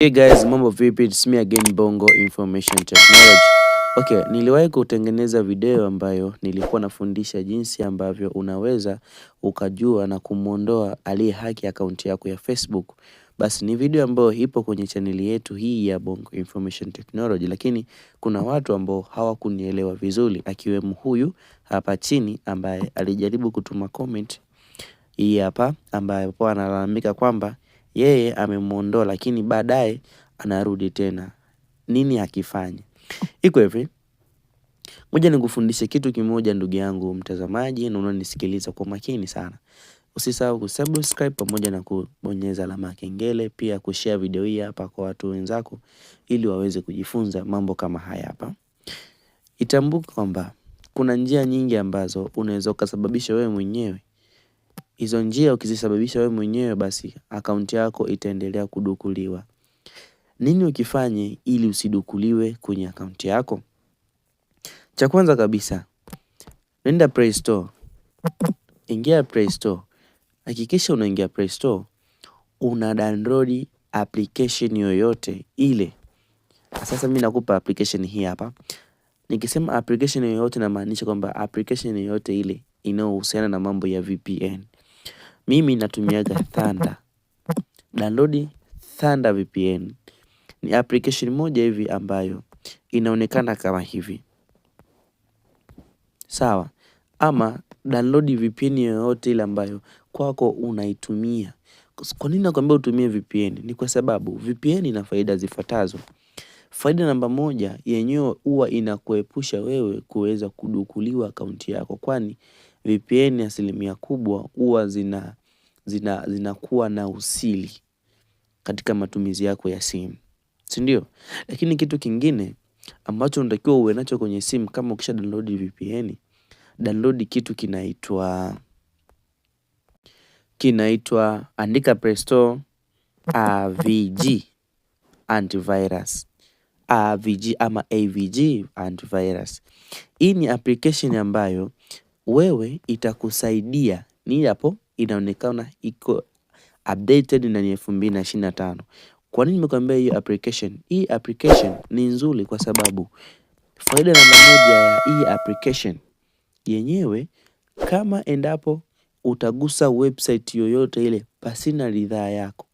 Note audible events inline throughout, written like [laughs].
Hey guys, mambo vipi? It's me again Bongo Information Technology. Okay, niliwahi kutengeneza video ambayo nilikuwa nafundisha jinsi ambavyo unaweza ukajua na kumwondoa aliye haki akaunti yako ya Facebook. Basi ni video ambayo ipo kwenye chaneli yetu hii ya Bongo Information Technology, lakini kuna watu ambao hawakunielewa vizuri, akiwemo huyu hapa chini ambaye alijaribu kutuma comment hii hapa, ambapo analalamika kwamba yeye amemwondoa, lakini baadaye anarudi tena. Nini akifanya? Iko hivi, moja nikufundishe kitu kimoja, ndugu yangu mtazamaji, na unanisikiliza kwa makini sana. Usisahau kusubscribe pamoja na kubonyeza alama ya kengele, pia kushare video hii hapa kwa watu wenzako, ili waweze kujifunza mambo kama haya hapa. Itambuka kwamba kuna njia nyingi ambazo unaweza ukasababisha wewe mwenyewe Hizo njia ukizisababisha wewe mwenyewe basi akaunti yako itaendelea kudukuliwa. Nini ukifanye ili usidukuliwe kwenye akaunti yako? Cha kwanza kabisa, nenda Play Store. Ingia Play Store. Hakikisha unaingia Play Store, una download application yoyote ile. Sasa mimi nakupa application hii hapa. Nikisema application yoyote namaanisha kwamba application yoyote ile inayohusiana na mambo ya VPN. Mimi natumiaga [laughs] Thunder. Download Thunder VPN. Ni application moja hivi ambayo inaonekana kama hivi. Sawa. Ama download VPN yoyote ile ambayo kwako unaitumia. Kwa nini nakwambia utumie VPN? Ni kwa sababu VPN ina faida zifuatazo. Faida namba moja, yenyewe huwa inakuepusha wewe kuweza kudukuliwa akaunti yako, kwani VPN asilimia kubwa huwa zina zina, zinakuwa na usili katika matumizi yako ya simu, si ndio? Lakini kitu kingine ambacho unatakiwa uwe nacho kwenye simu kama ukisha download VPN, download kitu kinaitwa kinaitwa andika Play Store AVG antivirus, AVG ama AVG antivirus. Hii ni application ambayo wewe itakusaidia ni hapo inaonekana iko updated na ni 2025. Kwa nini nimekuambia hiyo application? Hii application ni nzuri kwa sababu faida namba moja ya hii application yenyewe, kama endapo utagusa website yoyote ile pasina ridhaa yako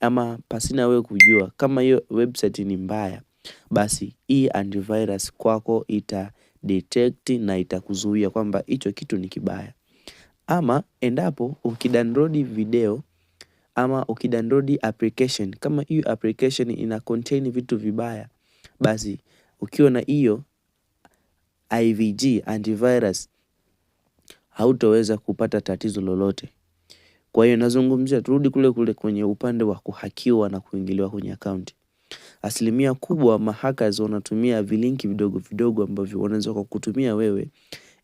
ama pasina wewe kujua, kama hiyo website ni mbaya, basi hii antivirus kwako ita detect na itakuzuia kwamba hicho kitu ni kibaya ama endapo ukidownload video ama ukidownload application, kama hiyo application ina contain vitu vibaya, basi ukiwa na hiyo IVG antivirus hautoweza kupata tatizo lolote. Kwa hiyo nazungumzia, turudi kule kule kwenye upande wa kuhakiwa na kuingiliwa kwenye akaunti. Asilimia kubwa mahackers wanatumia vilinki vidogo vidogo ambavyo wanaweza kukutumia wewe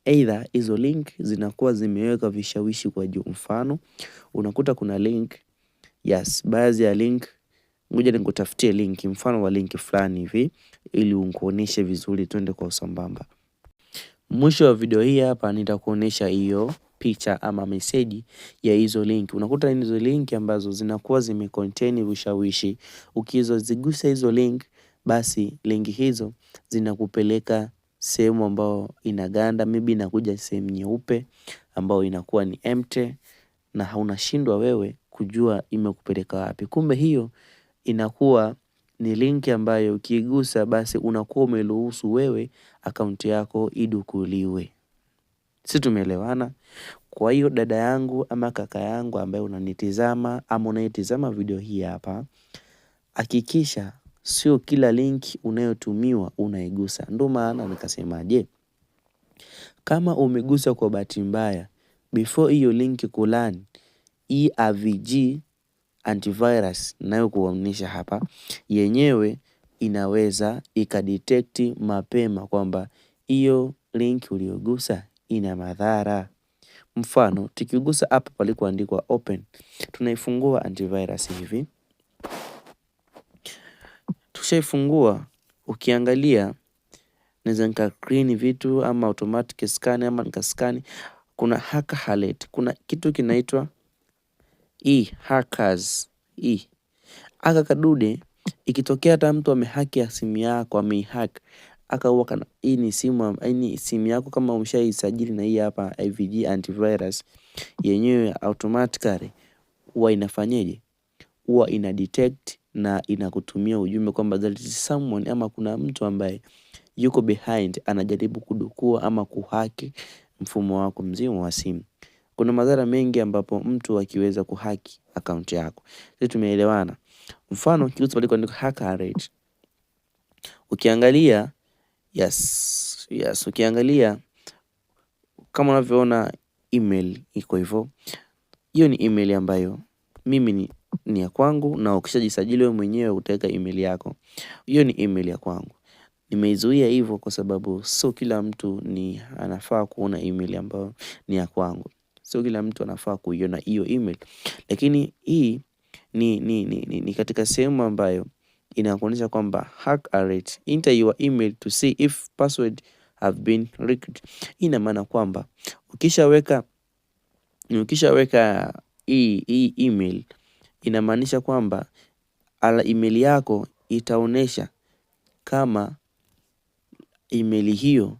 eidha hizo link zinakuwa zimeweka vishawishi kwa juu. Mfano, unakuta kuna link, yes, baadhi ya link, ngoja nikutafutie link, mfano wa link fulani hivi, ili nikuoneshe vizuri, twende kwa usambamba. Mwisho wa video hii hapa nitakuonesha hiyo picha ama meseji ya hizo link. Unakuta hizo link ambazo zinakuwa zimecontain vishawishi, ukizozigusa hizo link, basi link hizo zinakupeleka sehemu ambayo inaganda, maybe inakuja sehemu nyeupe ambayo inakuwa ni empty na haunashindwa wewe kujua imekupeleka wapi. Kumbe hiyo inakuwa ni linki ambayo ukiigusa basi unakuwa umeruhusu wewe akaunti yako idukuliwe. Si tumeelewana? Kwa hiyo dada yangu ama kaka yangu ambaye unanitizama ama unaitizama video hii hapa, hakikisha sio kila linki unayotumiwa unaigusa. ndo maana nikasema, je, kama umegusa kwa bahati mbaya before hiyo linki kulani, hii e AVG antivirus nayokuonyesha hapa yenyewe inaweza ikadetect mapema kwamba hiyo linki uliogusa ina madhara. Mfano, tukigusa hapa palikuandikwa open, tunaifungua antivirus hivi nikishaifungua ukiangalia naeza nika clean vitu ama automatic scan ama nikaskani. Kuna hacker alert, kuna kitu kinaitwa e-hackers. E. Aka kadude ikitokea hata mtu amehaki ya simu yako ameihack aka huwa kana hii ni simu ni simu yako kama umeshaisajili na hii hapa IVG antivirus yenyewe automatically huwa inafanyeje huwa ina detect na inakutumia ujumbe kwamba there is someone ama kuna mtu ambaye yuko behind anajaribu kudukua ama kuhaki mfumo wako mzima wa simu. Kuna madhara mengi ambapo mtu akiweza kuhaki akaunti yako. Sisi tumeelewana. Mfano kitu palipoandikwa hacker alert. Ukiangalia yes, yes, ukiangalia kama unavyoona email iko hivyo. Hiyo ni email ambayo mimi ni ni ya kwangu, na ukishajisajili wewe mwenyewe utaweka email yako. Hiyo ni email ya kwangu. Nimeizuia hivyo kwa sababu sio kila mtu ni anafaa kuona email ambayo ni ya kwangu, sio kila mtu anafaa kuiona hiyo email, lakini hii ni, ni, ni, ni, ni katika sehemu ambayo inakuonyesha kwamba hack alert enter your email to see if password have been leaked. Hii ina maana kwamba ukishaweka ukishaweka hii email inamaanisha kwamba email yako itaonesha kama email hiyo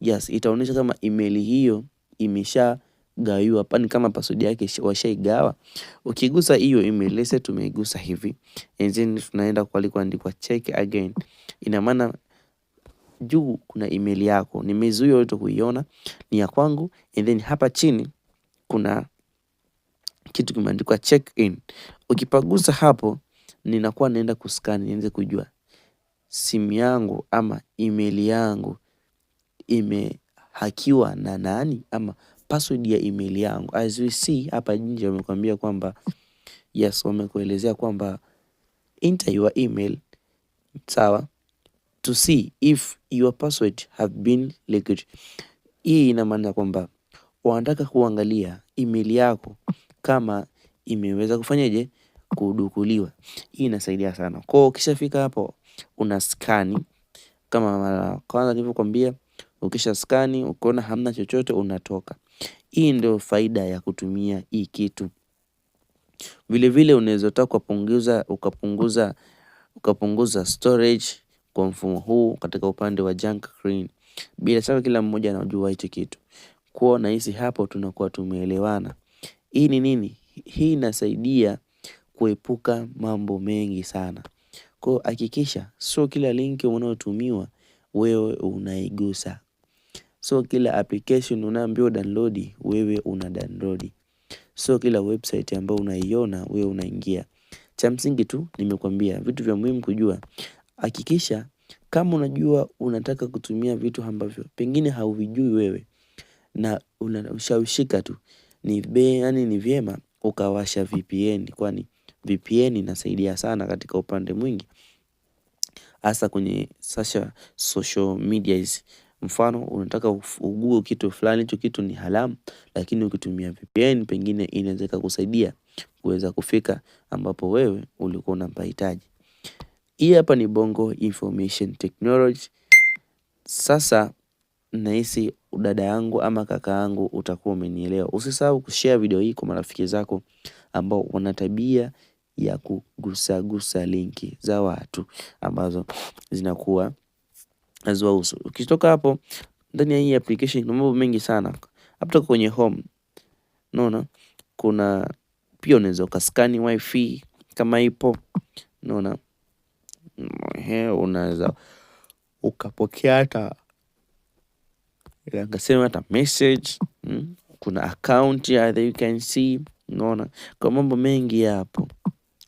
yes, itaonesha kama email hiyo imeshagawiwa, pani kama password yake washaigawa. Ukigusa hiyo email lese, tumeigusa hivi and then tunaenda kwa kuandikwa check again, ina maana juu kuna email yako nimezuia yote kuiona, ni ya kwangu, and then hapa chini kuna kitu kimeandikwa check in. Ukipagusa hapo, ninakuwa naenda kuskani niweze kujua simu yangu ama email yangu imehakiwa na nani ama password ya email yangu. As we see hapa nje wamekuambia kwamba yes, wamekuelezea kwamba enter your email sawa, to see if your password have been leaked. Hii ina maana kwamba wanataka kuangalia email yako kama imeweza kufanyaje kudukuliwa. Hii inasaidia sana. Kwa hiyo ukishafika hapo una skani kama mara kwanza nilivyokuambia, ukisha skani ukiona hamna chochote unatoka. Hii ndio faida ya kutumia hii kitu. Vilevile unaweza utaka kupunguza ukapunguza ukapunguza storage kwa mfumo huu katika upande wa junk screen. Bila shaka kila mmoja anajua hicho kitu. Kwa nahisi hapo tunakuwa tumeelewana. Hii ni nini? Hii inasaidia kuepuka mambo mengi sana. Kwa hakikisha sio kila linki unayotumiwa wewe unaigusa. Sio kila application unaambiwa download wewe una download. Sio kila website ambayo unaiona wewe unaingia. Cha msingi tu nimekuambia vitu vya muhimu kujua. Hakikisha kama unajua unataka kutumia vitu ambavyo pengine hauvijui wewe na unashawishika tu ni be, yani ni vyema ukawasha VPN kwani VPN inasaidia sana katika upande mwingi hasa kwenye sasha social media hizi. Mfano unataka ugue kitu fulani, hicho kitu ni haramu, lakini ukitumia VPN pengine inaweza kusaidia kuweza kufika ambapo wewe ulikuwa unapahitaji. Hii hapa ni Bongo Information Technology. Sasa nahisi dada yangu ama kaka yangu utakuwa umenielewa. Usisahau kushare video hii kwa marafiki zako ambao wana tabia ya kugusagusa linki za watu ambazo zinakuwa haziwahusu. Ukitoka hapo ndani ya hii application kuna mambo mengi sana, hata kwenye home unaona, kuna pia unaweza ukaskani wifi kama ipo, unaona, unaweza ukapokea hata Akasema hata message mm, kuna account ya you can see, unaona kwa mambo mengi yapo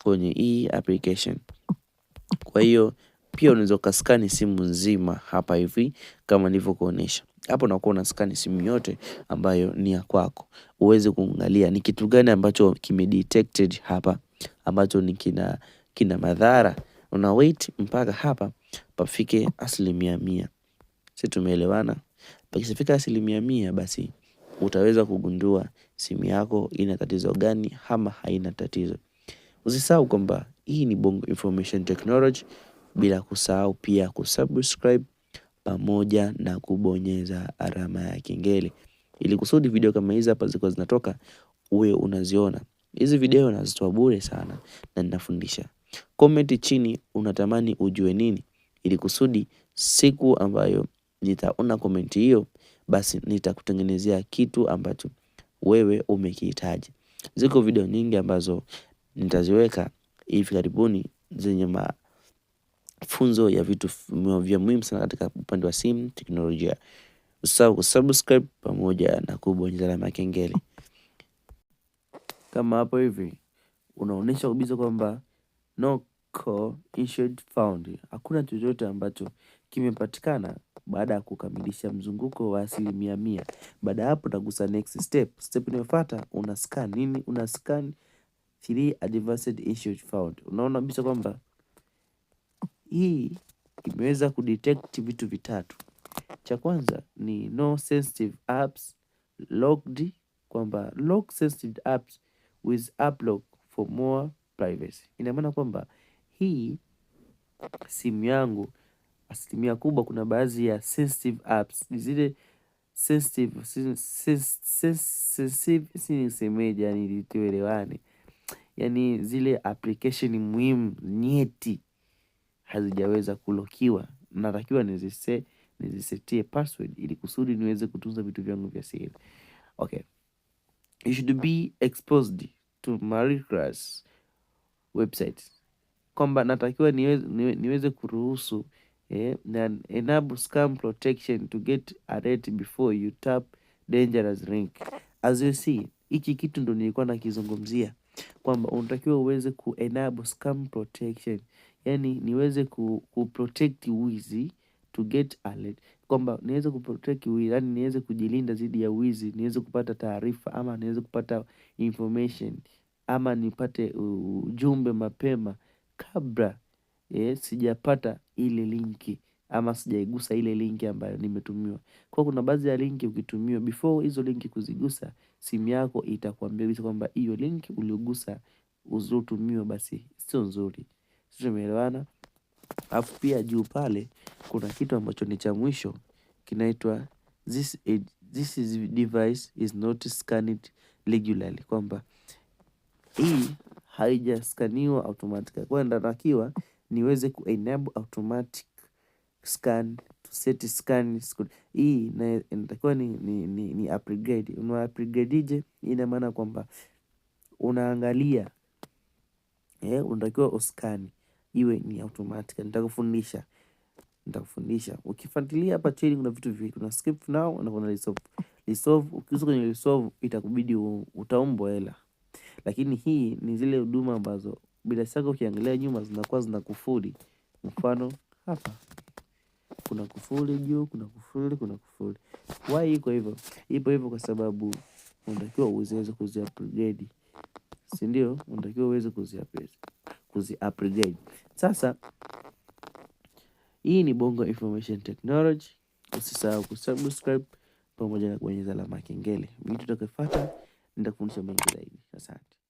kwenye hii application. Kwa hiyo pia unaweza ukaskani simu nzima hapa hivi kama nilivyokuonesha hapo, unakuwa unaskani simu yote ambayo ni ya kwako, uweze kuangalia ni kitu gani ambacho kimedetected hapa ambacho ni kina, kina madhara. Una wait mpaka hapa pafike asilimia mia. Si tumeelewana? Pakisifika asilimia mia, basi utaweza kugundua simu yako ina tatizo gani ama haina tatizo. Usisahau kwamba hii ni Bongo Information Technology, bila kusahau pia kusubscribe pamoja na kubonyeza alama ya kengele ili kusudi video kama hizi hapa ziko zinatoka uwe unaziona. Hizi video nazitoa bure sana na ninafundisha. Comment chini unatamani ujue nini, ili kusudi siku ambayo nitaona komenti hiyo, basi nitakutengenezea kitu ambacho wewe umekihitaji. Ziko video nyingi ambazo nitaziweka hivi karibuni zenye mafunzo ya vitu vya muhimu sana katika upande wa simu teknolojia. Usisahau kusubscribe pamoja na kubonyeza alama ya kengele. Kama hapo hivi unaonyesha kabisa kwamba no issued found, hakuna chochote ambacho kimepatikana baada ya kukamilisha mzunguko wa asilimia mia. Baada ya hapo utagusa next step. Step inayofuata una scan nini? Una scan three adversed issues found. Unaona kabisa kwamba hii imeweza kudetect vitu vitatu. Cha kwanza ni no sensitive apps logged, kwamba log sensitive apps with app lock for more privacy. Ina maana kwamba hii simu yangu asilimia kubwa kuna baadhi ya sensitive apps, ni zile sensitive nisemeje, yani tuelewane, yani zile application muhimu nyeti hazijaweza kulokiwa, natakiwa nizise nizisetie password ili kusudi niweze kutunza vitu vyangu vya siri. Okay, you should be exposed to malicious websites, kwamba natakiwa niweze, niweze kuruhusu eh, and enable scam protection to get alert before you tap dangerous link. As you see, hiki kitu ndo nilikuwa nakizungumzia kwamba unatakiwa uweze ku enable scam protection, yani niweze ku, ku protect wizi to get alert, kwamba niweze ku protect wizi, yani niweze kujilinda dhidi ya wizi, niweze kupata taarifa ama niweze kupata information ama nipate ujumbe mapema kabla eh, sijapata ile linki ama sijaigusa ile linki ambayo nimetumiwa. Kwa kuna baadhi ya linki ukitumiwa, before hizo linki kuzigusa, simu yako itakwambia kwamba hiyo linki uliogusa uzotumiwa basi sio nzuri. Sisi tumeelewana. Alafu pia juu pale kuna kitu ambacho ni cha mwisho kinaitwa this, this is device is not scanned regularly, kwamba hii haijaskaniwa automatically, kwa ndio natakiwa niweze ku enable automatic scan to set scan screen. Hii inatakiwa ni, ni, ni, ni upgrade. Una upgrade je? Ina maana kwamba unaangalia eh, unatakiwa uscan iwe ni automatic. Nitakufundisha, nitakufundisha. Ukifuatilia hapa chini, kuna vitu viwili, kuna skip now na kuna resolve. Resolve ukiuza kwenye resolve, itakubidi utaombwa hela, lakini hii ni zile huduma ambazo bila shaka ukiangalia nyuma zinakuwa zina kufuli. Mfano hapa kuna kufuli juu, kuna kufuli, kuna kufuli. Why iko hivyo? Ipo hivyo kwa sababu unatakiwa uweze kuzi upgrade, si ndio? Unatakiwa uweze kuzi upgrade, kuzi upgrade. Sasa hii ni Bongo Information Technology. Usisahau kusubscribe pamoja na kubonyeza alama ya kengele. Vitu tutakafuata nitakufundisha mengi zaidi. Asante.